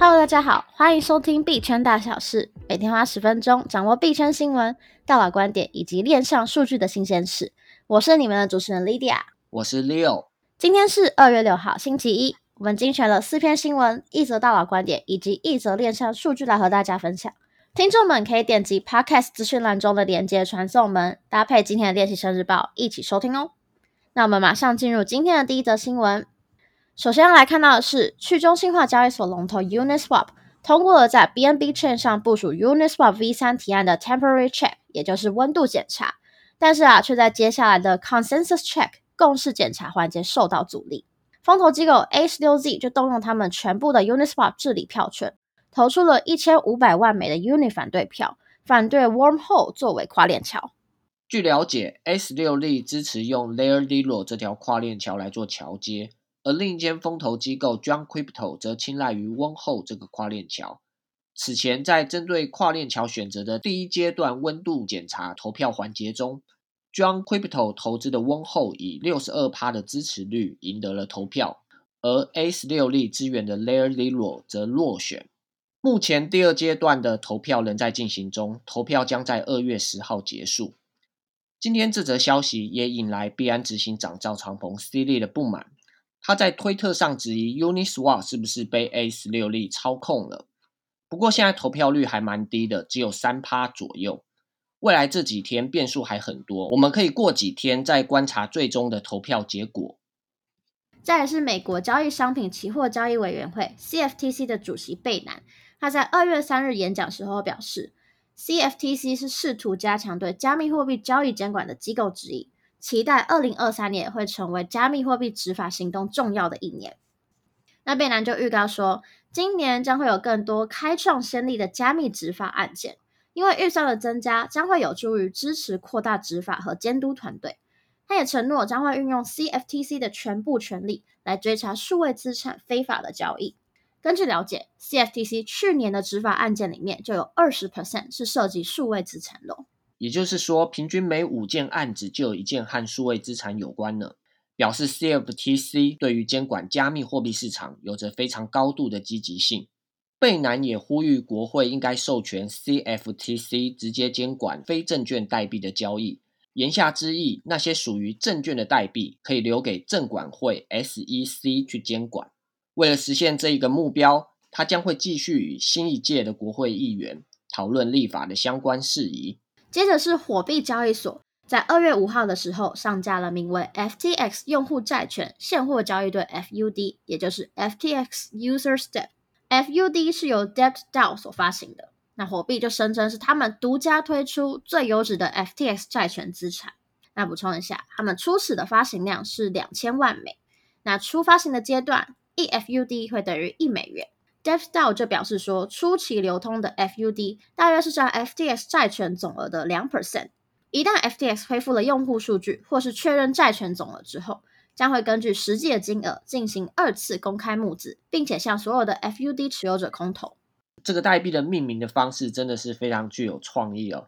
Hello，大家好，歡迎收聽幣圈大小事，每天花十分鐘掌握幣圈新聞、大佬觀點以及鏈上數據的新鮮事。我是你們的主持人 Lydia，我是 Leo。今天是二月六號，星期一，我們精選了四篇新聞、一則大佬觀點以及一則鏈上數據來和大家分享。聽眾們可以點擊 Podcast 資訊欄中的連結傳送門，搭配今天的鏈習生日報一起收聽哦。那我們馬上進入今天的第一則新聞。首先要來看到的是去中心化交易所龍頭 Uniswap 通過了在 BNB Chain 上部署 Uniswap V3 提案的 Temporary Check，也就是溫度檢查，但是啊，卻在接下來的 Consensus Check 共識檢查環節受到阻力。風投機構 A16Z 就動用他們全部的 Uniswap 治理票權，投出了一千五百萬枚的 UNI 反對票，反對 Wormhole 作為跨鏈橋。據了解，A16Z 支持用 Layer Zero 這條跨鏈橋來做橋接。而另一間風投機構 Jump Crypto 則青睞於 Wormhole 這個跨鏈橋。此前，在針對跨鏈橋選擇的第一階段溫度檢查投票環節中，Jump Crypto 投資的 Wormhole 以六十二趴的支持率贏得了投票，而 a16z 資源的 LayerZero 則落選。目前，第二階段的投票仍在進行中，投票將在二月十號結束。今天這則消息也引來幣安執行長趙長鵬犀利的不滿。他在推特上質疑 Uniswap 是不是被 A 十六力操控了，不過現在投票率還蠻低的，只有三趴左右。未來這幾天變數還很多，我們可以過幾天再觀察最終的投票結果。再來是美國交易商品期貨交易委員會 （CFTC） 的主席貝南，他在二月三日演講時候表示，CFTC 是試圖加強對加密貨幣交易監管的機構之一。期待二零二三年會成為加密貨幣執法行動重要的一年。那貝南就預告說，今年將會有更多開創先例的加密執法案件，因為預算的增加將會有助於支持擴大執法和監督團隊。他也承諾將會運用 CFTC 的全部權力來追查數位資產非法的交易。根據了解，CFTC 去年的執法案件裡面就有二十 percent 是涉及數位資產的。也就是說，平均每五件案子就有一件和數位資產有關了，表示 CFTC 對於監管加密貨幣市場有着非常高度的積極性。貝南也呼籲國會應該授權 CFTC 直接監管非證券代幣的交易。言下之意，那些屬於證券的代幣可以留給證管會 SEC 去監管。為了實現這一個目標，他將會繼續與新一屆的國會議員討論立法的相關事宜。接着是火幣交易所，在二月五號的時候上架了名為 FTX 用戶債權現貨交易對 FUD，也就是 FTX Users' Debt。FUD 是由 Debt DAO 所發行的，那火幣就聲稱是他們獨家推出最優質的 FTX 債權資產。那補充一下，他們初始的發行量是兩千萬美，那初發行的階段，一 FUD 會等於一美元。Jeff Dow 就表示說，初期流通的 FUD 大約是佔 FTX 債權總額的兩 percent。一旦 FTX 恢復了用戶數據，或是確認債權總額之後，將會根據實際的金額進行二次公開募資，並且向所有的 FUD 持有者空投。這個代幣的命名的方式真的是非常具有創意哦。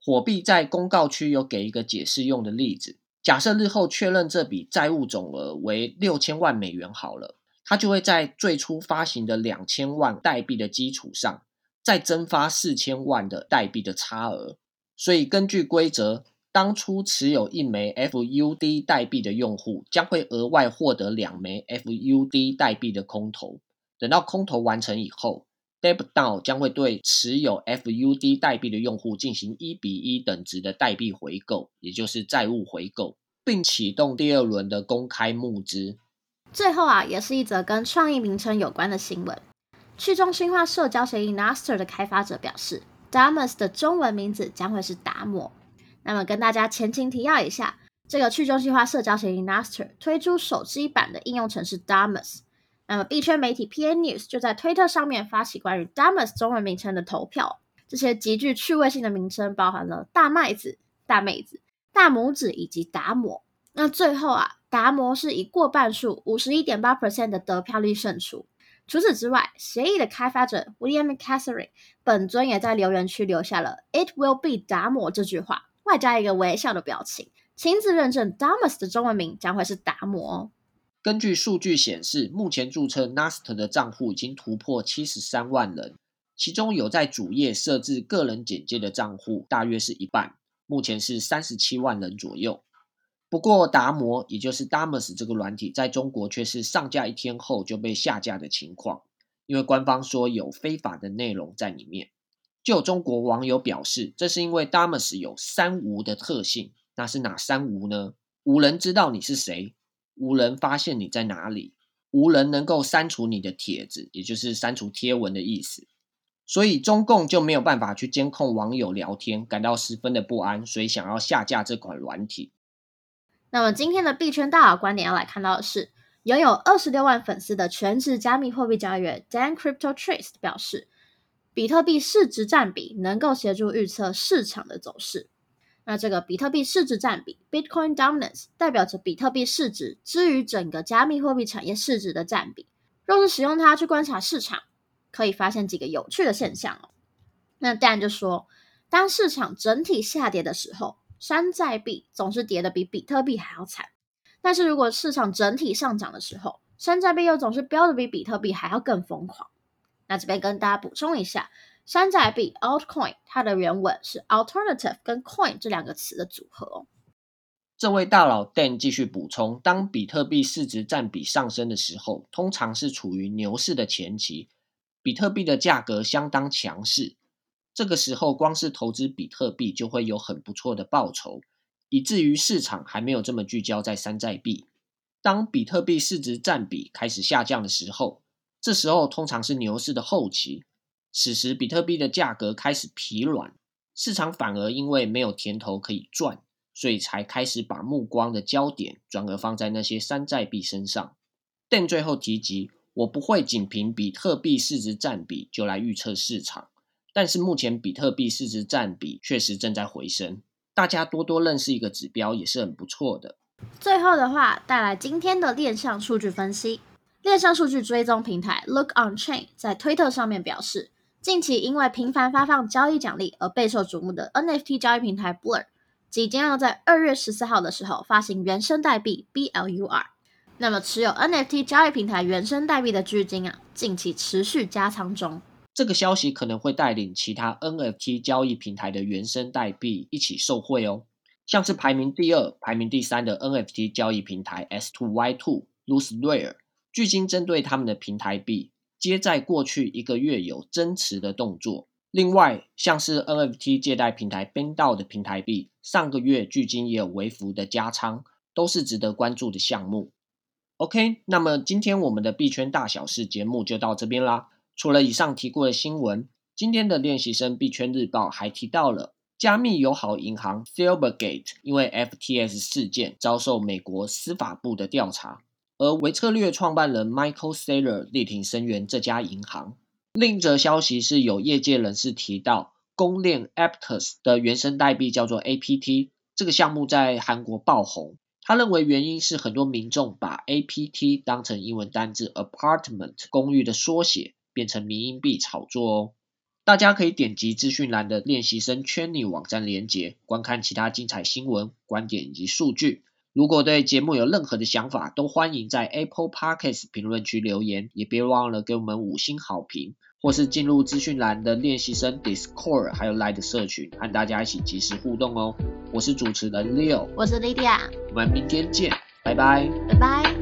火必在公告區有給一個解釋用的例子，假設日後確認這筆債務總額為六千萬美元，好了。它就會在最初發行的兩千萬代幣的基礎上，再增發四千萬的代幣的差額。所以根據規則，當初持有一枚 FUD 代幣的用戶將會額外獲得兩枚 FUD 代幣的空投。等到空投完成以後，DebtDAO 將會對持有 FUD 代幣的用戶進行一比一等值的代幣回購，也就是債務回購，並啟動第二輪的公開募資。最後啊，也是一則跟創意名稱有關的新聞。去中心化社交協議 Nostr 的開發者表示，Damus 的中文名字將會是達摩。那麼，跟大家前情提要一下，這個去中心化社交協議 Nostr 推出手機版的應用程式 Damus。那麼，幣圈媒體 PN News 就在推特上面發起關於 Damus 中文名稱的投票。這些極具趣味性的名稱包含了大麥子、大妹子、大拇指以及達摩。那最後啊，達摩是以過半數五十一點八 percent 的得票率勝出。除此之外，協議的開發者 William Casarin 本尊也在留言區留下了 “It will be 達摩”這句話，外加一個微笑的表情，親自認證 Damus、um、的中文名將會是達摩哦。根據數據顯示，目前註冊 Nostr 的賬戶已經突破七十三萬人，其中有在主頁設置個人簡介的賬戶大約是一半，目前是三十七萬人左右。不過，達摩也就是 Damus 這個軟體，在中國卻是上架一天後就被下架的情況，因為官方說有非法的內容在裡面。就中國網友表示，這是因為 Damus 有三無的特性，那是哪三無呢？無人知道你是誰，無人發現你在哪裡，無人能夠刪除你的帖子，也就是刪除貼文的意思。所以中共就沒有辦法去監控網友聊天，感到十分的不安，所以想要下架這款軟體。那麼今天的幣圈大佬觀點要來看到的是，擁有二十六萬粉絲的全職加密貨幣交易員 Daan Crypto Trace 表示，比特幣市值佔比能夠協助預測市場的走勢。那這個比特幣市值佔比 （Bitcoin Dominance） 代表着比特幣市值之於整個加密貨幣產業市值的佔比。若是使用它去觀察市場，可以發現幾個有趣的現象哦。那 Daan 就說，當市場整體下跌的時候，山寨幣總是跌得比比特幣還要慘，但是如果市場整體上漲的時候，山寨幣又總是飆得比比特幣還要更瘋狂。那這邊跟大家補充一下，山寨幣 （Altcoin） 它的原文是 “alternative” 跟 “coin” 這兩個詞的組合哦。這位大佬 Daan 繼續補充：當比特幣市值佔比上升的時候，通常是處於牛市的前期，比特幣的價格相當強勢。這個時候，光是投資比特幣就會有很不錯的報酬，以至於市場還沒有這麼聚焦在山寨幣。當比特幣市值占比開始下降的時候，這時候通常是牛市的後期，此時比特幣的價格開始疲軟，市場反而因為沒有甜頭可以賺，所以才開始把目光的焦點轉而放在那些山寨幣身上。但最後提及，我不會僅憑比特幣市值占比就來預測市場。但是目前比特幣市值占比確實正在回升，大家多多認識一個指標也是很不錯的。最後的話，帶來今天的鏈上數據分析。鏈上數據追蹤平台 Lookonchain 在推特上面表示，近期因為頻繁發放交易獎勵而備受矚目的 NFT 交易平台 Blur，即將要在二月十四號的時候發行原生代幣 BLUR。那麼持有 NFT 交易平台原生代幣的巨鯨啊，近期持續加倉中。這個消息可能會帶領其他 NFT 交易平台的原生代幣一起受惠哦。像是排名第二排名第三的 NFT 交易平台 S2Y2、LooksRare，巨鯨針對他們的平台幣，皆在過去一個月有增持的動作。另外，像是 NFT 借貸平台 BendDAO 的平台幣，上個月巨鯨也有微幅的加倉，都是值得關注的項目。OK，那麼今天我們的幣圈大小事節目就到這邊啦。除了以上提過的新聞，今天的鏈習生幣圈日報還提到了加密友好銀行 Silvergate 因為 FTX 事件遭受美國司法部的調查，而微策略創辦人 Michael Saylor 力挺聲援這家銀行。另一則消息是有業界人士提到，公鏈 Aptos 的原生代幣叫做 APT，這個項目在韓國爆紅。他認為原因是很多民眾把 APT 當成英文單字 apartment 公寓的縮寫。變成迷音幣炒作哦！大家可以點擊資訊欄的練習生圈、裡網站連接，觀看其他精彩新聞、觀點以及數據。如果對節目有任何的想法，都歡迎在 Apple p o d c a s t 評論區留言，也別忘了給我們五星好評，或是進入資訊欄的練習生 Discord 還有 Light 社群，和大家一起及時互動哦！我是主持人 Leo，我是 l y d i a 我們明天見，拜拜，拜拜。